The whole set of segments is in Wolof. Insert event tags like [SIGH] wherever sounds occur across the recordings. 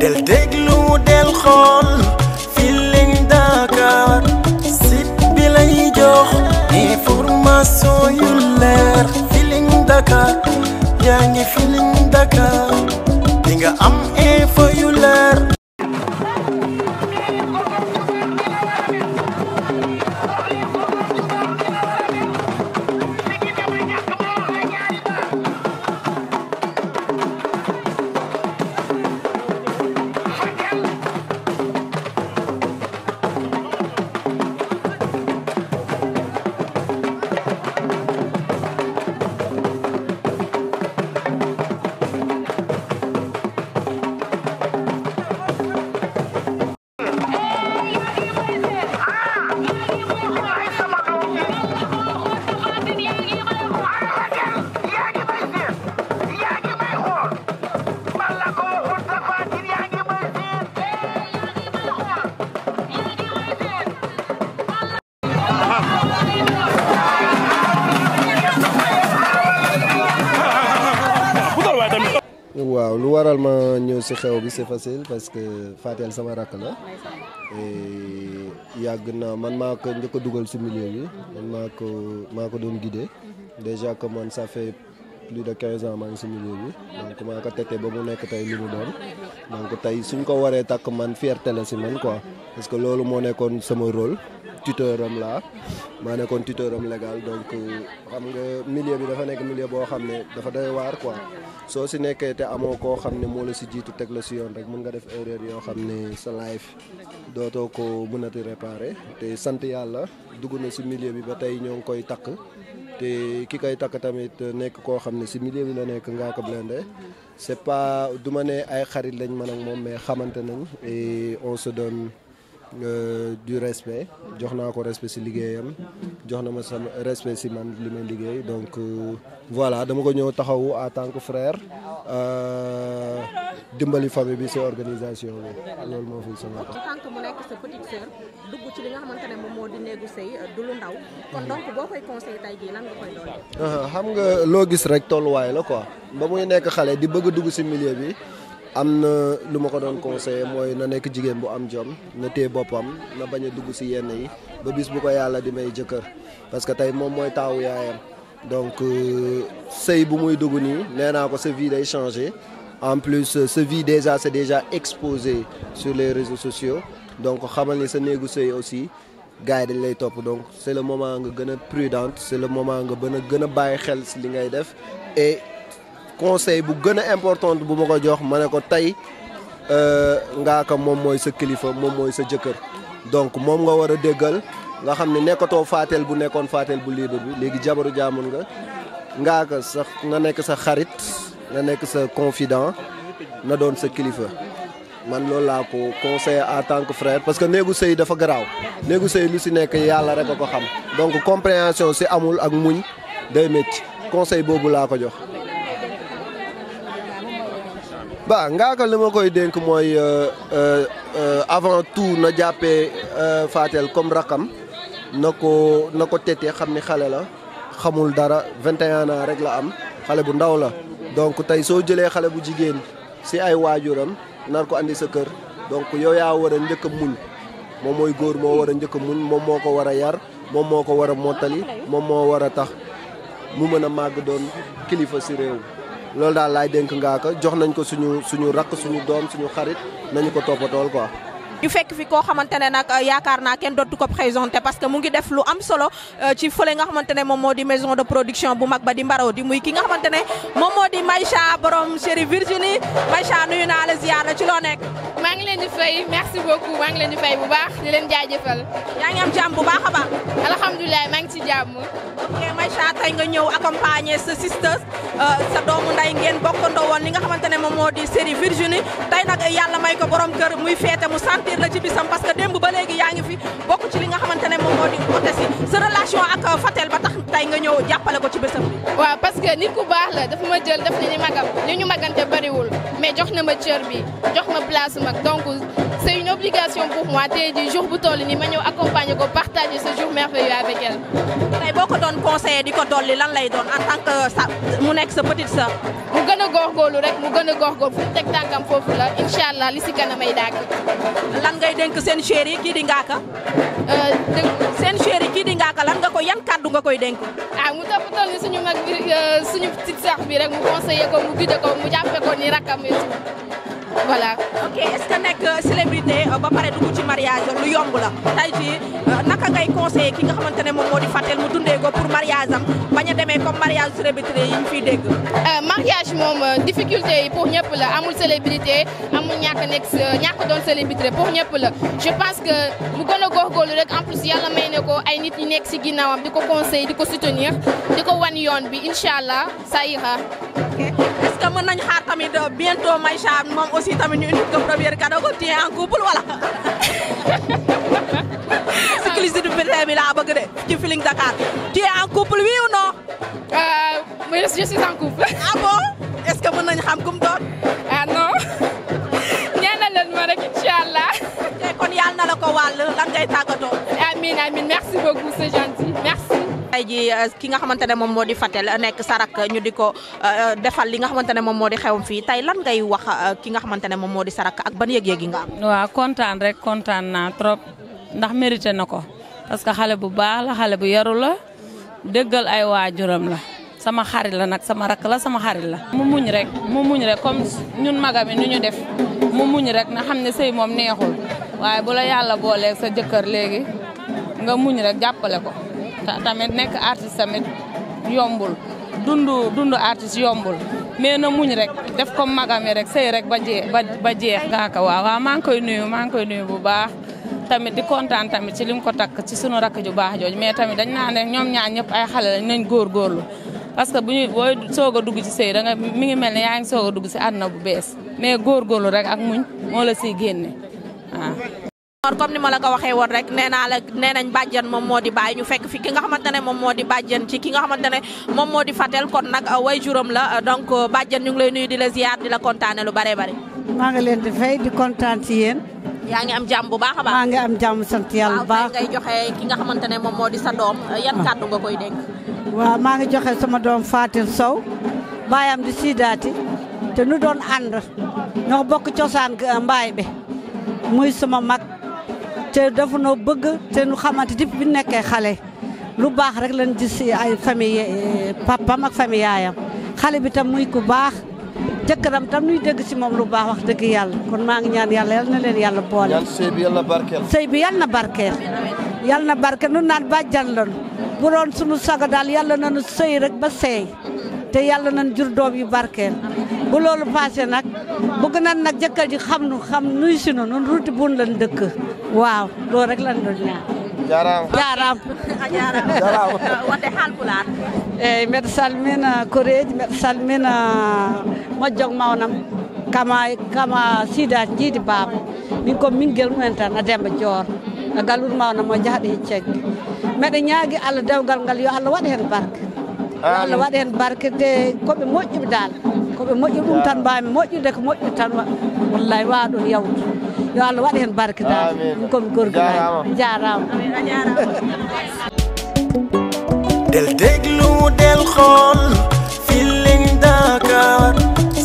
del déglu del xool Feeling Dakar site bi jox information yu leer Feeling Dakar yaa ngi Dakar di am info yu waaw lu waral ma ñëw si xew bi c'est facile parce que Fatel sama rakk la yàgg naa man maa ko njëkk dugal si milieu bi man maa ko maa ko doon guidé déjà que sa ça fait plus de 15 ans maa ngi si milieu bi donc maa ko tekkee ba mu nekk tey li mu doon donc tey suñ ko waree takk man fierté la si man quoi parce que loolu moo nekkoon sama rôle tuteur am laa maa nekkoon tuteur am légal donc xam nga milieu bi dafa nekk milieu boo xam ne dafa doy waar quoi soo si nekkee te amoo koo xam ne moo la si jiitu teg la si yoon rek mën nga def erreur yoo xam ne sa life dootoo ko mënati réparer te sant yàlla dugg na si milieu bi ba tey ñoo ngi koy takk te ki koy takk tamit nekk koo xam ne si milieu bi la nekk ngaa ko blende c'est pas du ma ne ay xarit lañ man ak moom mais xamante nañ et on se Euh, du respect jox naa ko respect ci liggéeyam jox na ma sama respect ci man li may liggéey donc euh, voilà dama ko ñëw taxawu à tant que frère euh, dimbali famille bi si organisation bi loolu moo fi sama ko. tant mu nekk sa petite sœur dugg ci li nga xamante ne moo di néegu sëy du lu ndaw. kon donc boo koy conseillé tey jii lan nga koy doon. xam nga loo gis rek tolluwaay la ko ba muy nekk xale di bëgg dugg si milieu bi. am na lu ma ko doon conseillé mooy na nekk jigéen bu am jom na téye boppam na bañ a dugg si yenn yi ba bis bu ko yàlla di may jëkkër parce que tey moom mooy taawu yaayam donc euh, sëy bu muy dugg nii nee naa ko sa vie day changé en plus euh, sa vie déjà c'est déjà exposé sur les réseaux sociaux donc xamal ni sa néegu sëy aussi gars yi dañ lay topp donc c'est le moment nga gën a prudente le moment nga bën a gën a bàyyi xel si li ngay def conseil bu gën a important bu ma ko jox ma ne ko tey euh, Ngaaka moom mooy sa kilifa moom mooy sa jëkkër donc moom nga war a déggal nga xam ne nekkatoo faateel bu nekkoon faateel bu libre bi léegi jabaru jaamoon nga Ngaaka sa nga nekk sa xarit nga nekk sa confident na doon sa kilifa man loolu laa ko conseillé en tant que frère parce que néegu sey dafa garaaw néegu sëy lu si nekk yàlla rek a ko xam donc compréhension si amul ak muñ day métti conseil boobu laa ko jox ba Ngaaka li ma koy dénk mooy euh, euh, avant tout na jàppee euh, Fatel comme rakam na ko na ko tete xam ni xale la xamul dara 21 ans rek la am xale bu ndaw la donc tey soo jëlee xale bu jigéen si ay waajuram nar ko indi sa kër donc yow yaa war a njëkk a moom mooy góor moo war a njëkk a moom moo ko war a yar moom moo ko war a mottali moom moo war a tax mu mën a màgg doon kilifa si réew loolu daal laay dénk ngaa ko jox nañ ko suñu suñu rakk suñu doom suñu xarit nañu ko toppatool ko ñu fekk fi koo xamante ne nag euh, yaakaar naa kenn dootu ko présenté parce que mu ngi def lu am solo euh, ci fële nga xamante ne moom moo di maison de production bu mag ba di mbaroo di muy ki nga xamante ne moom moo di Maïcha borom chérie Virginie Maïcha nuyu naa la ziar la ci loo nekk. maa ngi leen di fay merci beaucoup maa ngi leen di fay bu baax di leen jaajëfal. yaa ngi am jàmm bu baax a baax. maa ngi ci jàmm. ok Maïcha tey nga ñëw accompagner sa sisters euh, sa doomu nday ngeen bokkandoo woon li nga xamante ne moom moo di chérie Virginie tey nag yàlla may ko borom kër muy féete mu sant sentir la ci bisam parce que démb ba léegi yaa ngi fi bokk ci li nga xamante ne moom moo di ote sa relation ak euh, Fatel ba tax tey nga ñëw jàppale ko ci bisam bi. waaw parce que nit ku baax la dafa ma jël daf ne ñu magam ñu ñu magante bariwul. mais jox na ma cër bi jox ma place mag donc c'est une obligation pour moi tey jii jour bu toll nii ma ñëw accompagner ko partager ce jour merveilleux avec elle. tey boo ko doon conseiller di ko dolli lan lay doon en tant sa mu nekk sa petite sœur. mu gën a góorgóorlu rek mu gën a góorgóorlu fu teg tànkam foofu la incha allah li si kanamay dàgg. lan ngay dénk seen chéri kii di Ngaaka. Euh, seen chéri kii di Ngaaka lan nga ko yan kàddu nga koy dénk. ah mu toppatoo ni seex bi rek mu conseillé ko mu guidé ko mu jàppee ko ni rakkam et voilà. ok est-ce que nekk célébrité euh, ba pare dugg ci lu yomb la tey euh, naka ngay conseiller ki nga xamante moom moo di Fatel mu dundee ko pour mariage am a demee comme mariage célébrité yi ñu fiy dégg. Euh, mariage moom euh, difficulté yi pour ñëpp la amul célébrité amul ñàkk nekk ñàkk doon célébrité pour ñëpp la je pense que mu gën a góorgóorlu rek en plus yàlla may ne ko ay nit ñi nekk ci ginnaawam di ko conseiller di ko soutenir di ko wan yoon bi incha allah ça ira. est que mën nañu xaar tamit bientôt [LAUGHS] cycliste du pèlerin bi laa bëgg de ci Feeling Dakar tu es en couple oui ou non. Euh, oui je suis en [LAUGHS] ah mën nañu xam kum doon. ah non. ñaanal leen ma rek incha allah. kon yàlla na la ko wàll lan ngay tàggatoo. amiin amiin merci beaucoup c'est tey ji euh, ki nga xamante ne moom moo di Fatel nekk sarak ñu di ko euh, defal li nga xamante ne moom moo di xewam fii tey lan ngay wax euh, ki nga xamante ne moom moo di sarak ak ban yëg-yëg yi nga am. waaw kontaan rek kontaan naa trop ndax mérité na ko parce que xale bu baax la xale bu yaru la dëggal ay waajuram la. sama xarit la nag sama rakk la sama xarit la. mu muñ rek mu muñ rek comme ñun magam yi nu ñu def mu muñ rek na xam ne sëy moom neexul waaye bu la yàlla booleeg sa jëkkër léegi nga muñ rek jàppale ko. tamit nekk artiste tamit yombul dund dund artiste yombul mais na muñ rek def comme magam yi rek sey rek ba jeex ba jeex ngaaka waaw waaw maa ngi koy nuyu maa ngi koy nuyu bu baax tamit di kontaan tamit ci lim ko takk ci sunu rakk ju baax jooju mais tamit dañ naa ne ñoom ñaar ñëpp ay xale lañ nañ góorgóorlu parce que bu ñuy booy soog a dugg ci sëy da mi ngi mel ni yaa ngi soog a dugg ci àdduna bu bees mais góorgóorlu rek ak muñ moo la siy génne or comme ni ma la ko waxee woon rek nee naa nee nañ bàjjen moom moo di bàyyi ñu fekk fi ki nga xamante ne moom moo di bàjjen ci ki nga xamante ne moom moo di Fatel kon nag a uh, way juróom la uh, donc uh, bàjjen ñu ngi lay nuyu di la ziar di la kontaane lu bare bare maa ngi leen di fay di kontaan ci yéen yaa ngi am jàmm bu baax a baax maa ngi am jàmm sant yàlla bu baax ngay joxe ki nga xamante ne moom moo di sa doom yan ah. kàddu nga koy dénk waaw maa ngi joxe sama doom Fatel Sow baayam di siidaati te nu doon ànd ñoo bokk cosaan mbaay bi sama mag te dafa noo bëgg te nu xamante dipp bi nekkee xale lu baax rek lañ si ay famille eh, papam ak famille yaayam xale bi tam muy ku baax jëkkëram tam nuy dégg si moom lu baax wax dëgg yàlla kon maa ngi ñaan yàlla yal na leen yàlla boole. sëy bi yal na barkeel. yàlla na barkeel. yal na barkeel nu naan bàjjan lañu bu doon sunu sago daal yàlla nañu sëy rek ba seey te yàlla nañu jur doom yu barkeel. bu loolu passé nag bëgg nan nag jëkkër ji xam nu xam nuy si nu nun ruuti buun lan dëkk waaw loolu rek lan doon ñaan jaaraama jaaraama [LAUGHS] wonde eh, salmina koreji mbeɗa salmina mojjog mawnam kama kama sidaji jiidi baaba min komi min guel mumen tan ademba joor e galluɗo mawnam o jaahaɗo heccegge mbeɗa ñaagui allah dewgal ngal yo allah waɗa hen barke yo allah waɗa hen barke de koɓe moƴƴuɓe dal ko ɓe moƴƴi ɗum tan mbami moƴƴude ko moƴƴi tan wallay waɗon yawtu yo allah waɗa hen barkidade ɗum komi gorgulani jarama [LAUGHS] del déglu del xool Feeling Dakar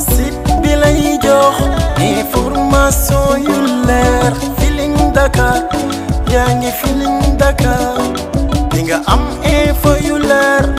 site bi lay jox information yu leer Feeling Dakar yaa ngi Feeling Dakar di am info yu leer